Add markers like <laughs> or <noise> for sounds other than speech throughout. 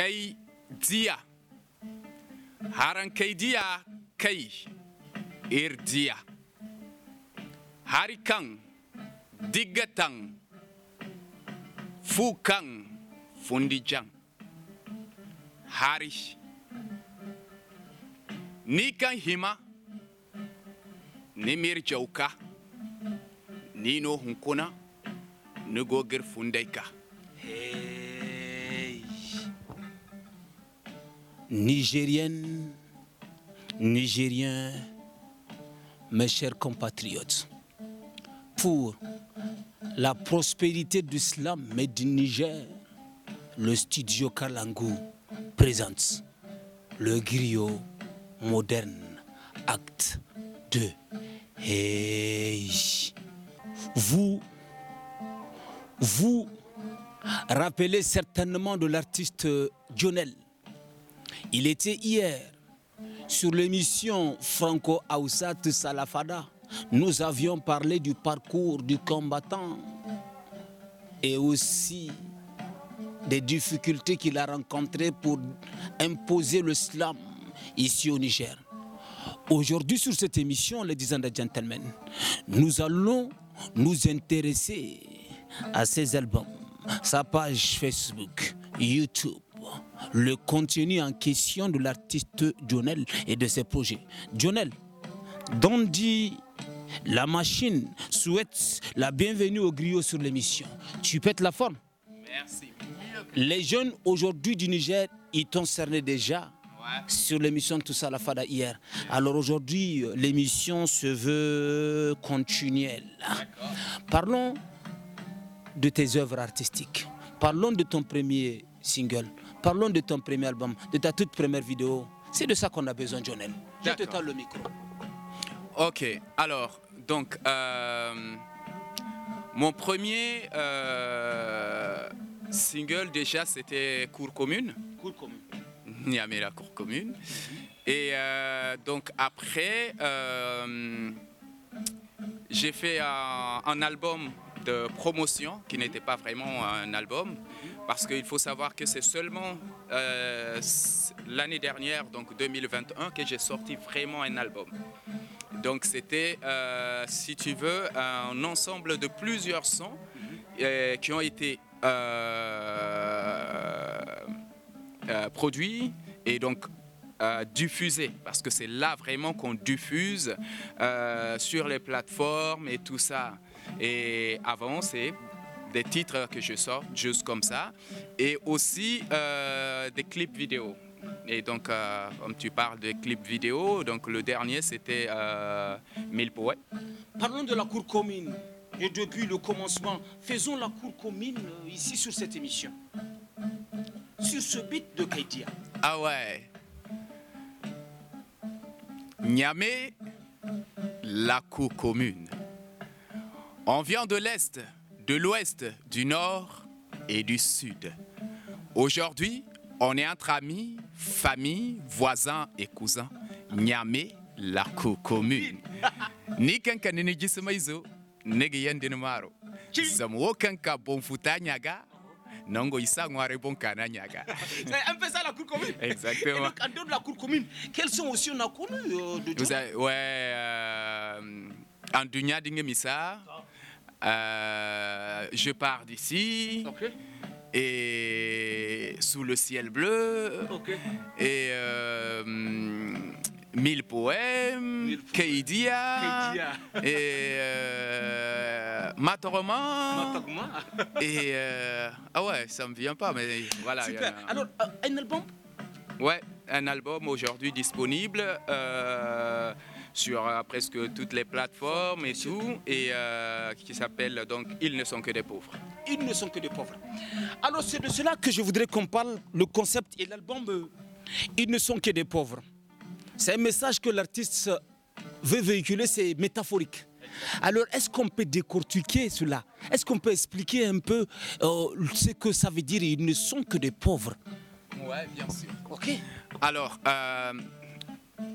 kai dia haran kai dia kai ir dia harikan digatan fukan fundijan hari ni hima nimir jauka nino hunkona hunkuna ni gogir Nigériennes, Nigériens, mes chers compatriotes, pour la prospérité du Slam et du Niger, le studio Kalangu présente le griot moderne, acte 2. Et Vous, vous rappelez certainement de l'artiste Dionel. Il était hier sur l'émission Franco Aoussat Salafada. Nous avions parlé du parcours du combattant et aussi des difficultés qu'il a rencontrées pour imposer le slam ici au Niger. Aujourd'hui, sur cette émission, les disant des gentlemen, nous allons nous intéresser à ses albums, sa page Facebook, YouTube, le contenu en question de l'artiste Jonel et de ses projets. Jonel, dit la machine souhaite la bienvenue au griot sur l'émission. Tu pètes la forme Merci. Les jeunes aujourd'hui du Niger, ils t'ont cerné déjà sur l'émission Tout ça la Fada hier. Alors aujourd'hui, l'émission se veut continuelle. Parlons de tes œuvres artistiques. Parlons de ton premier single. Parlons de ton premier album, de ta toute première vidéo. C'est de ça qu'on a besoin, Jonel. Je te tends le micro. Ok, alors, donc, euh, mon premier euh, single, déjà, c'était Cour commune. Cour commune. Niamé la Cour commune. Mhm. Et euh, donc, après, j'ai fait un album de promotion qui n'était pas vraiment un album mhm parce qu'il faut savoir que c'est seulement euh, l'année dernière, donc 2021, que j'ai sorti vraiment un album. Donc c'était, euh, si tu veux, un ensemble de plusieurs sons euh, qui ont été produits et donc diffusés. parce que c'est là vraiment qu'on diffuse sur les plateformes et tout ça. Et avant, des titres que je sors, juste comme ça, et aussi euh, des clips vidéo. Et donc, euh, comme tu parles de clips vidéo, donc le dernier c'était euh, Mille poètes. Parlons de la cour commune. Et depuis le commencement, faisons la cour commune ici sur cette émission. Sur ce beat de Kaitia. Ah ouais. Niamé, la cour commune. On vient de l'Est de l'ouest, du nord et du sud. Aujourd'hui, on est entre amis, famille, voisins et cousins. mais la cour commune. Ni kanka nini gisuma izo, negi ka Zamuo kanka bonfuta nyaga, nongo isa bon bon nyaga. un peu ça la cour commune. Exactement. Et eh, donc, la cour commune, quelles sont aussi on a connu euh, de Vous Ouais, euh, en Dunia euh, je pars d'ici. Et sous le ciel bleu. Et euh, mille poèmes. Kedia Et euh, Matoroma. et euh, ah ouais, ça me vient pas, mais voilà. Super. Alors, euh, un album. Ouais un album aujourd'hui disponible euh, sur euh, presque toutes les plateformes et tout, et euh, qui s'appelle donc Ils ne sont que des pauvres. Ils ne sont que des pauvres. Alors c'est de cela que je voudrais qu'on parle, le concept et l'album Ils ne sont que des pauvres. C'est un message que l'artiste veut véhiculer, c'est métaphorique. Alors, est-ce qu'on peut décortiquer cela Est-ce qu'on peut expliquer un peu ce que ça veut dire Ils ne sont que des pauvres. Ouais, bien sûr. Alors, euh,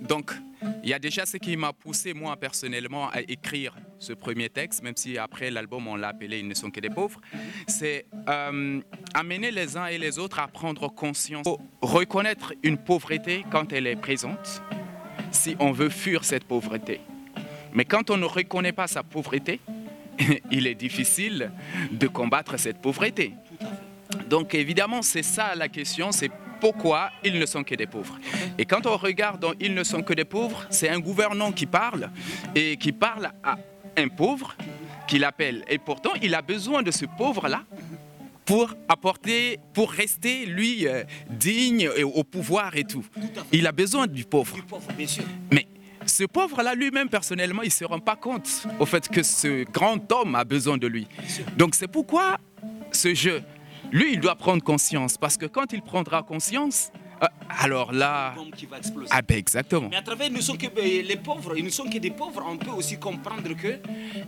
donc, il y a déjà ce qui m'a poussé, moi, personnellement, à écrire ce premier texte, même si après l'album, on l'a appelé Ils ne sont que des pauvres. C'est euh, amener les uns et les autres à prendre conscience, reconnaître une pauvreté quand elle est présente, si on veut fuir cette pauvreté. Mais quand on ne reconnaît pas sa pauvreté, <laughs> il est difficile de combattre cette pauvreté. Donc évidemment, c'est ça la question, c'est pourquoi ils ne sont que des pauvres. Et quand on regarde Ils ne sont que des pauvres, c'est un gouvernant qui parle et qui parle à un pauvre qu'il appelle. Et pourtant, il a besoin de ce pauvre-là pour apporter, pour rester lui euh, digne et au pouvoir et tout. il a besoin du pauvre. Mais ce pauvre-là, lui-même, personnellement, il ne se rend pas compte au fait que ce grand homme a besoin de lui. Donc c'est pourquoi ce jeu, lui, il doit prendre conscience parce que quand il prendra conscience, euh, alors là, ah, ben, exactement. Mais à travers, que ben, les pauvres, ils ne sont que des pauvres. On peut aussi comprendre que,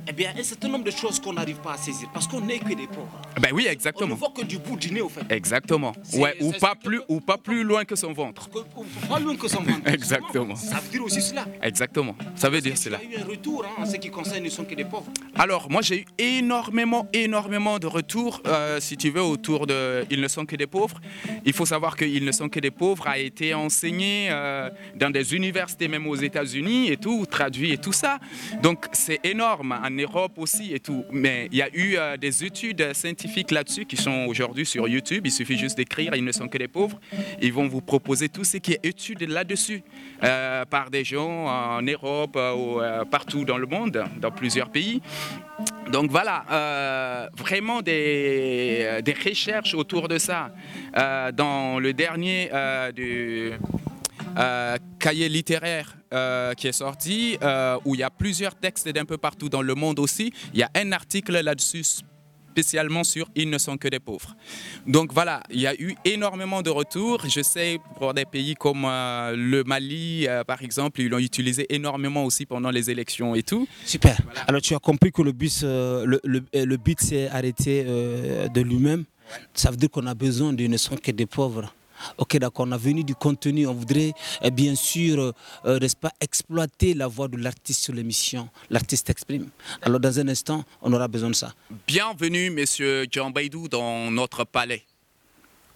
eh bien, un certain nombre de choses qu'on n'arrive pas à saisir parce qu'on n'est que des pauvres. Ah, ben oui, exactement. On ne voit que du bout du nez, Exactement. Ouais, ou pas plus, ou pas plus loin que son ventre. Que, pas loin que son ventre. <laughs> exactement. Ça veut dire aussi cela. Exactement. Ça veut dire cela. Il y a eu un retour hein, en ce qui concerne, ils ne sont que des pauvres. Alors moi, j'ai eu énormément, énormément de retours, euh, si tu veux, autour de, ils ne sont que des pauvres. Il faut savoir qu'ils ne sont que des pauvres a été enseigné euh, dans des universités, même aux États-Unis et tout, traduit et tout ça. Donc c'est énorme, en Europe aussi et tout. Mais il y a eu euh, des études scientifiques là-dessus qui sont aujourd'hui sur YouTube. Il suffit juste d'écrire, ils ne sont que des pauvres. Ils vont vous proposer tout ce qui est étude là-dessus euh, par des gens en Europe ou partout dans le monde, dans plusieurs pays. Donc voilà, euh, vraiment euh, des, recherches autour de ça. Euh, dans le dernier du cahier littéraire qui est sorti, où il y a plusieurs textes d'un peu partout dans le monde aussi, il y a un article là-dessus spécialement sur Ils ne sont que des pauvres. Donc voilà, il y a eu énormément de retours. Je sais pour des pays comme euh, le Mali, euh, par exemple, ils l'ont utilisé énormément aussi pendant les élections et tout. Super. Alors tu as compris que le bus, euh, le, le, but s'est arrêté de lui-même. Ça veut dire qu'on a besoin de ne sont que des pauvres. Ok, d'accord, on a venu du contenu. On voudrait eh bien sûr euh, euh, n'est-ce pas, exploiter la voix de l'artiste sur l'émission. L'artiste exprime. Alors, dans un instant, on aura besoin de ça. Bienvenue, monsieur John Baidou, dans notre palais.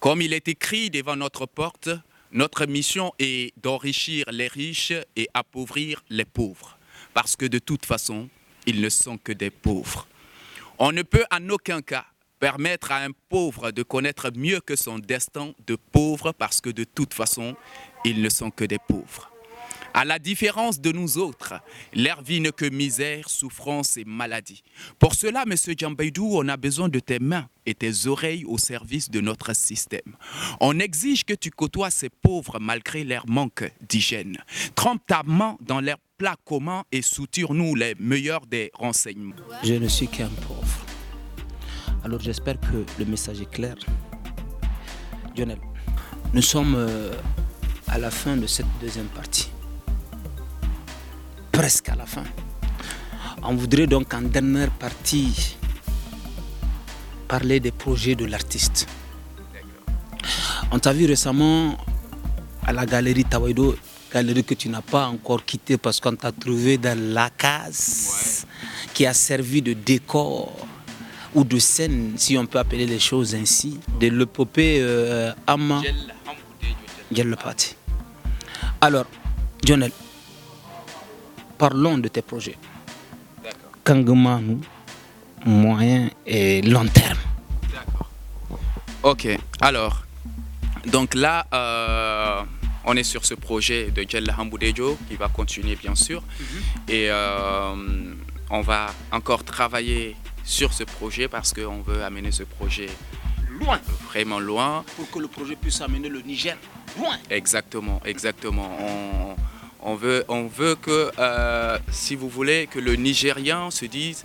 Comme il est écrit devant notre porte, notre mission est d'enrichir les riches et appauvrir les pauvres. Parce que de toute façon, ils ne sont que des pauvres. On ne peut en aucun cas permettre à un pauvre de connaître mieux que son destin de pauvre parce que de toute façon, ils ne sont que des pauvres. À la différence de nous autres, leur vie n'est que misère, souffrance et maladie. Pour cela, Monsieur Djambaydou, on a besoin de tes mains et tes oreilles au service de notre système. On exige que tu côtoies ces pauvres malgré leur manque d'hygiène. Trempe ta main dans leur plat commun et soutiens nous les meilleurs des renseignements. Je ne suis qu'un pauvre alors j'espère que le message est clair. Lionel, nous sommes euh, à la fin de cette deuxième partie. Presque à la fin. On voudrait donc en dernière partie parler des projets de l'artiste. On t'a vu récemment à la galerie Tawaido, galerie que tu n'as pas encore quittée parce qu'on t'a trouvé dans la case qui a servi de décor ou de scène, si on peut appeler les choses ainsi, de l'épopée euh, Amma Alors, Jonel, parlons de tes projets. Kangman, moyen et long terme. Ok, alors, donc là, euh, on est sur ce projet de Jella qui va continuer bien sûr. Mhm. Et euh, on va encore travailler sur ce projet parce qu'on veut amener ce projet loin. Vraiment loin. Pour que le projet puisse amener le Niger loin. Exactement, exactement. On, veut, on veut que, euh, si vous voulez, que le Nigérien se dise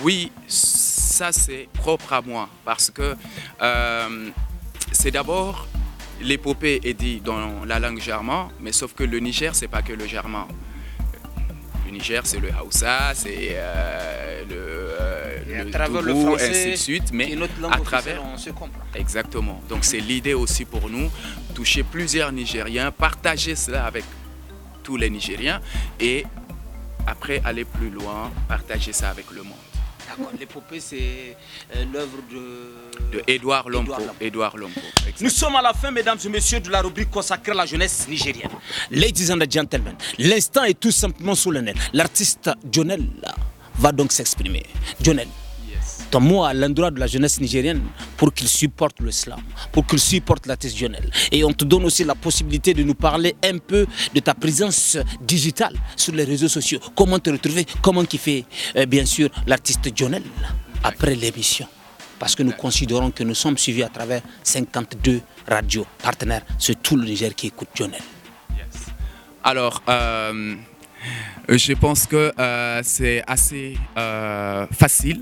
oui, ça c'est propre à moi. Parce que euh, c'est d'abord l'épopée est dit dans la langue germane, mais sauf que le Niger, c'est pas que le germain. Niger, c'est le Hausa, c'est euh, le, euh, le, ainsi de suite. Mais à travers, on se comprend. Exactement. Donc c'est l'idée aussi pour nous, toucher plusieurs Nigériens, partager cela avec tous les Nigériens et après aller plus loin, partager ça avec le monde. L'épopée, c'est euh, l'œuvre de... De Édouard Lompo. Nous sommes à la fin, mesdames et messieurs, de la rubrique consacrée à la jeunesse nigérienne. Ladies and gentlemen, l'instant est tout simplement solennel. L'artiste Jonel va donc s'exprimer. Jonel, ton mot à l'endroit de la jeunesse nigérienne pour qu'ils supportent l'islam, pour qu'ils supportent l'artiste traditionnelle. Et on te donne aussi la possibilité de nous parler un peu de ta présence digitale sur les réseaux sociaux. Comment te retrouver, comment kiffer, fait euh, bien sûr, l'artiste Jonel après l'émission parce que nous considérons que nous sommes suivis à travers 52 radios partenaires. C'est tout le Niger qui écoute Jonel. Alors, euh, euh, je pense que c'est assez facile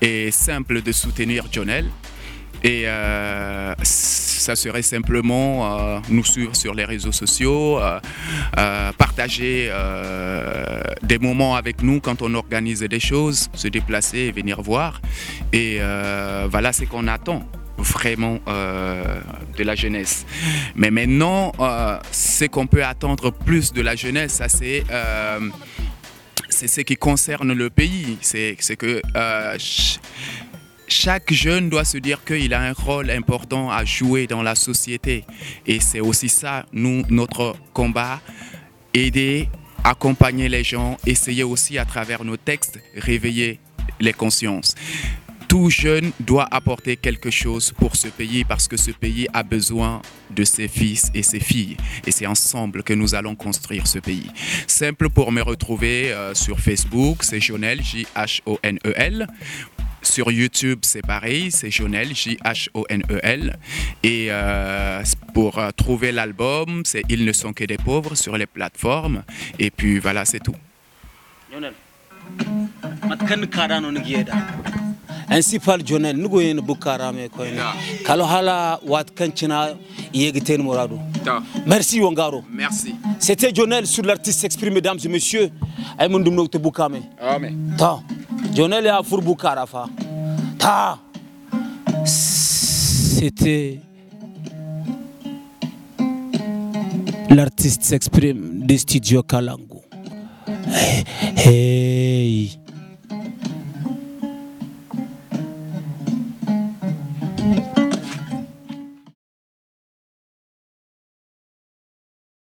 et simple de soutenir Jonel. Et euh, ça serait simplement euh, nous suivre sur les réseaux sociaux, euh, partager des moments avec nous quand on organise des choses, se déplacer et venir voir. Et voilà ce qu'on attend vraiment de la jeunesse. Mais maintenant, ce qu'on peut attendre plus de la jeunesse, ça c'est c'est ce qui concerne le pays. C'est que euh, chaque jeune doit se dire qu'il a un rôle important à jouer dans la société. Et c'est aussi ça, nous, notre combat, aider, accompagner les gens, essayer aussi à travers nos textes, réveiller les consciences tout jeune doit apporter quelque chose pour ce pays parce que ce pays a besoin de ses fils et ses filles. Et c'est ensemble que nous allons construire ce pays. Simple pour me retrouver euh, sur Facebook, c'est Jonel, J-H-O-N-E-L. Sur YouTube, c'est pareil, c'est Jonel, J-H-O-N-E-L. Et euh, pour euh, trouver l'album, c'est Ils ne sont que des pauvres sur les plateformes. Et puis voilà, c'est tout nous jone nugoyen bukarame koyne kalo hala wat kanchina yegiten morado merci Wangaro. merci c'était Jonel sur l'artiste s'exprime mesdames et messieurs no te bukame amen ta Jonel ya fur bukarafa ta c'était l'artiste s'exprime des studios Kalangu hey.